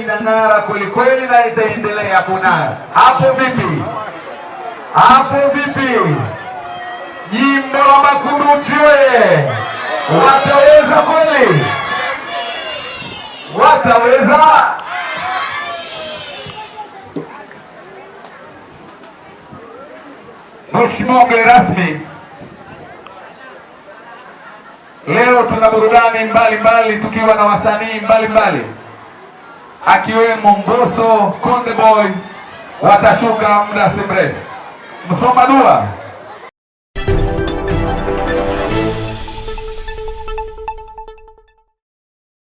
inang'ara kweli kweli na itaendelea kung'ara. Hapo vipi? Hapo vipi? Jimbo la Makunduchi oye! Wataweza kweli? Wataweza? Mheshimiwa mgeni rasmi, leo tuna burudani mbalimbali tukiwa na wasanii mbalimbali akiwemo Mbosso, Konde Boy watashuka muda si mrefu. Msoma dua